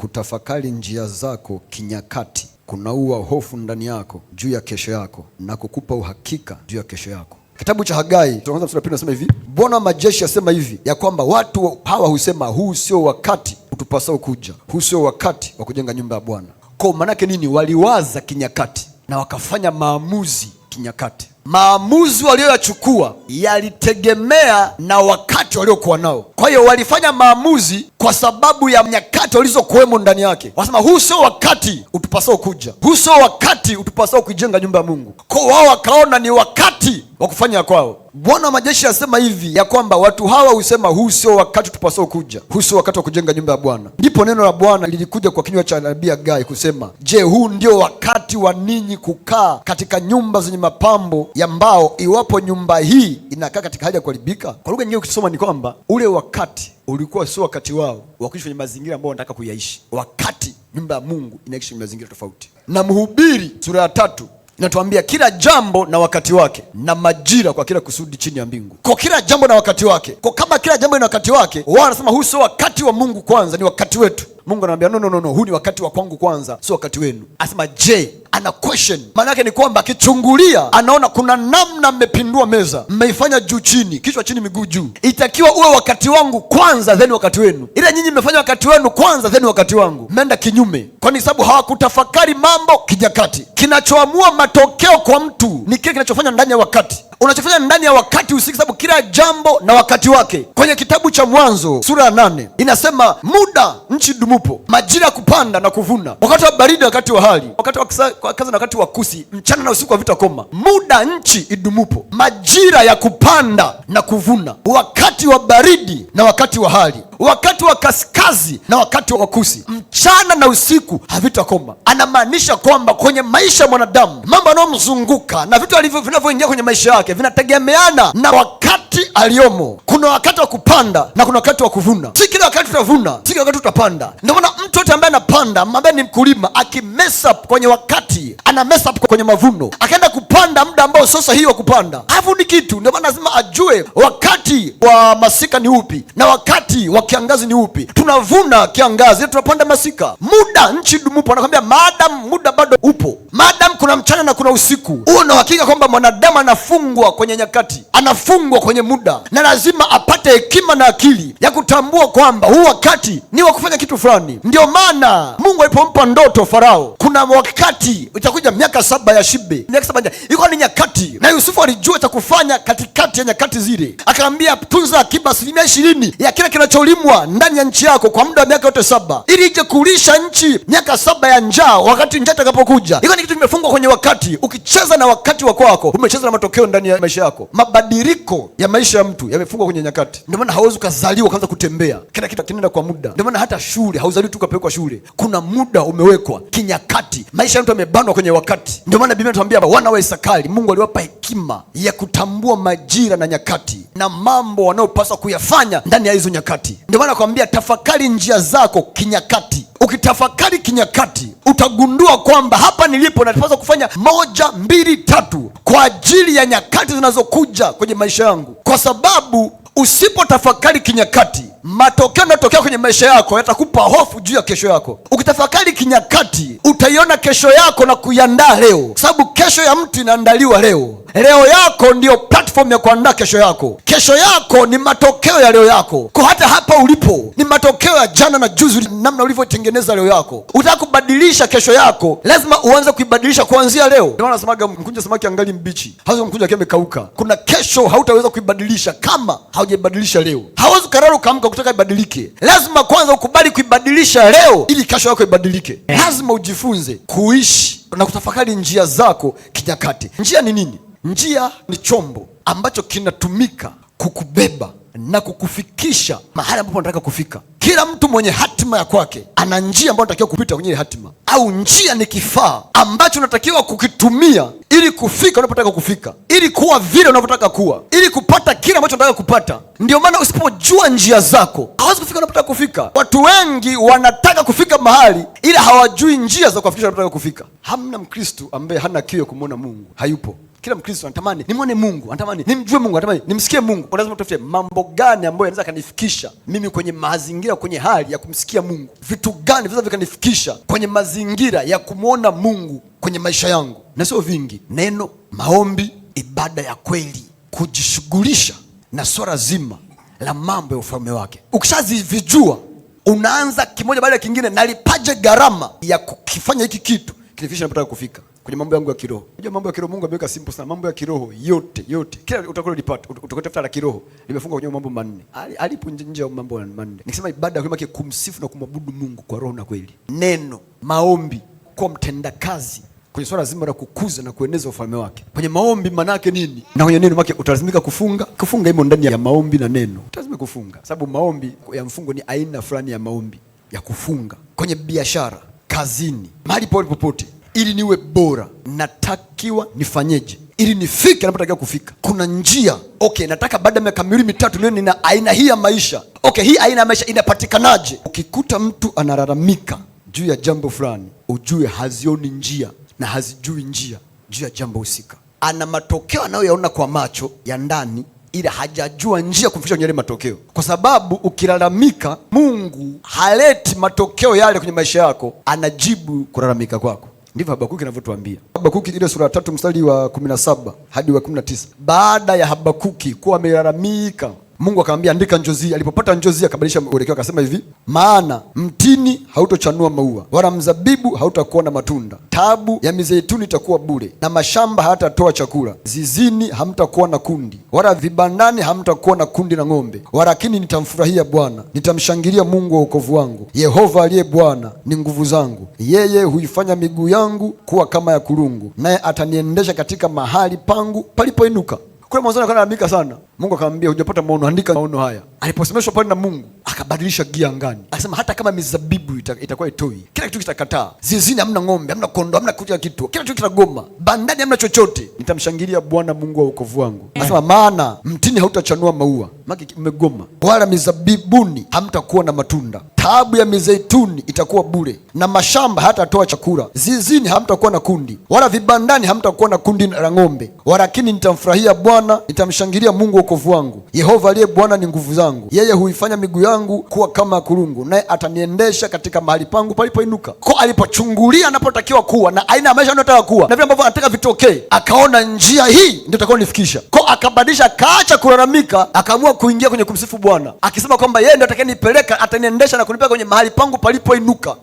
Kutafakari njia zako kinyakati kunaua hofu ndani yako juu ya kesho yako na kukupa uhakika juu ya kesho yako. Kitabu cha Hagai tunaanza mstari wa pili, nasema hivi: Bwana wa majeshi asema hivi ya kwamba watu hawa husema, huu sio wakati utupasao kuja, huu sio wakati wa kujenga nyumba ya Bwana. Kwa maanake nini? Waliwaza kinyakati na wakafanya maamuzi kinyakati. Maamuzi waliyoyachukua yalitegemea na wakati waliokuwa nao. Kwa hiyo walifanya maamuzi kwa sababu ya nyakati walizokuwemo ndani yake, wanasema huu sio wakati utupasao kuja, huu sio wakati utupasao kuijenga nyumba ya Mungu. Kwa wao wakaona ni wakati wakati wa kufanya kwao. Bwana wa majeshi asema hivi ya kwamba watu hawa husema huu sio wakati tupasao kuja, huu sio wakati wa kujenga nyumba ya Bwana. Ndipo neno la Bwana lilikuja kwa kinywa cha nabii Hagai kusema, je, huu ndio wakati wa ninyi kukaa katika nyumba zenye mapambo ya mbao, iwapo nyumba hii inakaa katika hali ya kuharibika? Kwa lugha nyingine ukisoma ni kwamba ule wakati ulikuwa sio wakati wao wa kuishi kwenye mazingira ambayo wanataka kuyaishi, wakati nyumba ya Mungu inaishi kwenye mazingira tofauti. Na Mhubiri sura ya tatu inatuambia kila jambo na wakati wake na majira kwa kila kusudi chini ya mbingu. Kwa kila jambo na wakati wake, kwa kama kila jambo ina wakati wake, wao wanasema huu sio wakati wa Mungu, kwanza ni wakati wetu. Mungu anamwambia no, no, no, no, huu ni wakati wa kwangu kwanza, sio wakati wenu. Asema je, ana question. Maana yake ni kwamba akichungulia anaona kuna namna mmepindua meza, mmeifanya juu chini, kichwa chini, miguu juu. Itakiwa uwe wakati wangu kwanza, then wakati wenu, ila nyinyi mmefanya wakati wenu kwanza, then wakati wangu. Mmeenda kinyume, kwani sababu hawakutafakari mambo kijakati. Kinachoamua matokeo kwa mtu ni kile kinachofanya ndani ya wakati unachofanya ndani ya wakati husika, sababu kila jambo na wakati wake. Kwenye kitabu cha Mwanzo sura ya nane inasema muda nchi dumupo, majira ya kupanda na kuvuna, wakati wa baridi wakati wa hali, wakati wa kaza na wakati wa kusi, mchana na usiku wa vita koma. Muda nchi idumupo, majira ya kupanda na kuvuna, wakati wa baridi na wakati wa hali, wakati wa kaskazi na wakati wa kusi mchana na usiku havitakoma. Anamaanisha kwamba kwenye maisha ya mwanadamu mambo yanayomzunguka na vitu alivyo vinavyoingia kwenye maisha yake vinategemeana na wakati aliyomo. Kuna wakati wa kupanda na kuna wakati wa kuvuna. Si kila wakati utavuna, si kila wakati utapanda. Ndio maana mtu yote ambaye anapanda ambaye ni mkulima akimess up kwenye wakati ana mess up kwenye mavuno, akaenda kupanda muda ambao sio sahihi wa kupanda, alafu ni kitu. Ndio maana lazima ajue wakati wa masika ni upi na wakati wa kiangazi ni upi. Tunavuna kiangazi, tunapanda masika. Muda nchi dumupo, anakwambia maadamu muda bado upo, maadamu kuna mchana na kuna usiku, huo na uhakika kwamba mwanadamu anafungwa kwenye nyakati, anafungwa kwenye muda, na lazima apate hekima na akili ya kutambua kwamba huu wakati ni wa kufanya kitu fulani, ndio ndio maana Mungu alipompa ndoto Farao, kuna wakati itakuja miaka saba ya shibe, miaka saba ilikuwa ni nyakati, na Yusufu alijua cha kufanya katikati ya nyakati zile. Akaambia, tunza akiba asilimia ishirini ya kila kinacholimwa ndani ya nchi yako kwa muda wa miaka yote saba, ili ije kulisha nchi miaka saba ya njaa, wakati njaa itakapokuja. Ilikuwa ni kitu kimefungwa kwenye wakati. Ukicheza na wakati wa kwako, umecheza na matokeo ndani ya maisha yako. Mabadiliko ya maisha ya mtu yamefungwa kwenye nyakati, ndio maana hauwezi ukazaliwa ukaanza kutembea, kila kitu kinaenda kwa muda. Ndio maana hata shule hauzaliwi tu umepelekwa shule, kuna muda umewekwa kinyakati. Maisha ya mtu amebandwa kwenye wakati. Ndio maana Biblia inatuambia hapa, wana wa Isakari Mungu aliwapa hekima ya kutambua majira na nyakati na mambo wanayopaswa kuyafanya ndani ya hizo nyakati. Ndio maana nakwambia tafakari njia zako kinyakati. Ukitafakari kinyakati utagundua kwamba hapa nilipo napaswa kufanya moja, mbili, tatu kwa ajili ya nyakati zinazokuja kwenye maisha yangu, kwa sababu Usipotafakari kinyakati, matokeo yanayotokea kwenye maisha yako yatakupa hofu juu ya kesho yako. Ukitafakari kinyakati, utaiona kesho yako na kuiandaa leo, kwa sababu kesho ya mtu inaandaliwa leo. Leo yako ndiyo platform ya kuandaa kesho yako. Kesho yako ni matokeo ya leo yako, kwa hata hapa ulipo ni matokeo ya jana na juzi, namna ulivyotengeneza leo yako. Utaka kubadilisha kesho yako, lazima uanze kuibadilisha kuanzia leo. Ndio maana nasemaga mkunja samaki angali mbichi, hasa mkunja akiwa amekauka. Kuna kesho hautaweza kuibadilisha kama haujaibadilisha leo. Hauwezi karara ukaamka kutaka ibadilike, lazima kwanza ukubali kuibadilisha leo ili kesho yako ibadilike. Eh. Lazima ujifunze kuishi na kutafakari njia zako kinyakati. Njia ni nini? Njia ni chombo ambacho kinatumika kukubeba na kukufikisha mahali ambapo nataka kufika. Kila mtu mwenye hatima ya kwake ana njia ambayo unatakiwa kupita kwenye ile hatima, au njia ni kifaa ambacho unatakiwa kukitumia ili kufika unapotaka kufika, ili kuwa vile unavyotaka kuwa, ili kupata kile ambacho unataka kupata. Ndio maana usipojua njia zako hawezi kufika unapotaka kufika. Watu wengi wanataka kufika mahali, ila hawajui njia za kuwafikisha unapotaka kufika. Hamna Mkristu ambaye hana kiu ya kumwona Mungu, hayupo. Kila Mkristo anatamani nimwone Mungu, anatamani nimjue Mungu, anatamani nimsikie Mungu. Kwa lazima tutafute mambo gani ambayo yanaweza kanifikisha mimi kwenye mazingira, kwenye hali ya kumsikia Mungu. Vitu gani vinaweza vikanifikisha kwenye mazingira ya kumwona Mungu kwenye maisha yangu? Na sio vingi: neno, maombi, ibada ya kweli, kujishughulisha na swala zima la mambo ya ufalme wake. Ukishazivijua unaanza kimoja baada ya kingine, nalipaje gharama ya kukifanya hiki kitu kinifikisha napotaka kufika kwenye mambo yangu ya kiroho. Unajua mambo ya kiroho Mungu ameweka simple sana. Mambo ya kiroho yote yote. Kila utakalo lipata, utakotafuta la kiroho limefunga kwenye mambo manne. Alipo nje ya mambo manne. Nikisema ibada kwa kumsifu na kumwabudu Mungu kwa roho na kweli. Neno, maombi, kwa mtendakazi kwenye swala zima la kukuza na kueneza ufalme wake. Kwenye maombi manake nini? Na kwenye neno manake utalazimika kufunga. Kufunga imo ndani ya maombi na neno. Utalazimika kufunga. Sababu maombi ya mfungo ni aina fulani ya maombi ya kufunga. Kwenye biashara, kazini, mahali popote ili niwe bora, natakiwa nifanyeje ili nifike napotakiwa kufika? Kuna njia. Okay, nataka baada ya miaka miwili mitatu, niwe nina aina hii ya maisha. Okay, hii aina ya maisha inapatikanaje? Ukikuta mtu analalamika juu ya jambo fulani, ujue hazioni njia na hazijui njia juu ya jambo husika. Ana matokeo anayoyaona kwa macho ya ndani ila hajajua njia kumfikisha kwenye yale matokeo, kwa sababu ukilalamika, Mungu haleti matokeo yale kwenye maisha yako, anajibu kulalamika kwako. Ndivyo Habakuki anavyotuambia Habakuki ile sura ya tatu mstari wa 17 hadi wa 19. Baada ya Habakuki kuwa amelalamika Mungu akamwambia andika njozi. Alipopata njozi akabadilisha mwelekeo, akasema hivi, maana mtini hautochanua maua wala mzabibu hautakuwa na matunda, tabu ya mizeituni itakuwa bure na mashamba hayatatoa chakula, zizini hamtakuwa na kundi wala vibandani hamtakuwa na kundi na ng'ombe, walakini nitamfurahia Bwana, nitamshangilia Mungu wa wokovu wangu. Yehova aliye Bwana ni nguvu zangu, yeye huifanya miguu yangu kuwa kama ya kulungu, naye ataniendesha katika mahali pangu palipoinuka. Kule mwanzoni alikuwa anaandika sana. Mungu akamwambia hujapata maono, andika maono haya. Aliposemeshwa pale na Mungu, akabadilisha gia angani. Akasema hata kama mizabibu itakuwa itoi, kila kitu kitakataa. Zizini hamna ng'ombe, hamna kondoo, hamna kuja kitu. Kila kitu kitagoma. Bandani hamna chochote. Nitamshangilia Bwana Mungu wa wokovu wangu. Akasema maana mtini hautachanua maua maki mmegoma. Wala mizabibuni hamtakuwa na matunda, taabu ya mizeituni itakuwa bure, na mashamba hatatoa chakula. Zizini hamtakuwa na kundi, wala vibandani hamtakuwa na kundi la ng'ombe. Walakini nitamfurahia Bwana, nitamshangilia Mungu wokovu wangu. Yehova aliye Bwana ni nguvu zangu, yeye huifanya miguu yangu kuwa kama kulungu, naye ataniendesha katika mahali pangu palipoinuka. Ko alipochungulia anapotakiwa kuwa na aina ya maisha anayotaka kuwa na vile ambavyo anataka vitokee, akaona njia hii ndio itakayonifikisha. Ko akabadilisha, akaacha kulalamika, akaamua kuingia kwenye kumsifu Bwana akisema kwamba yeye ndo atakayenipeleka, ataniendesha na kunipeleka kwenye mahali pangu palipoinuka.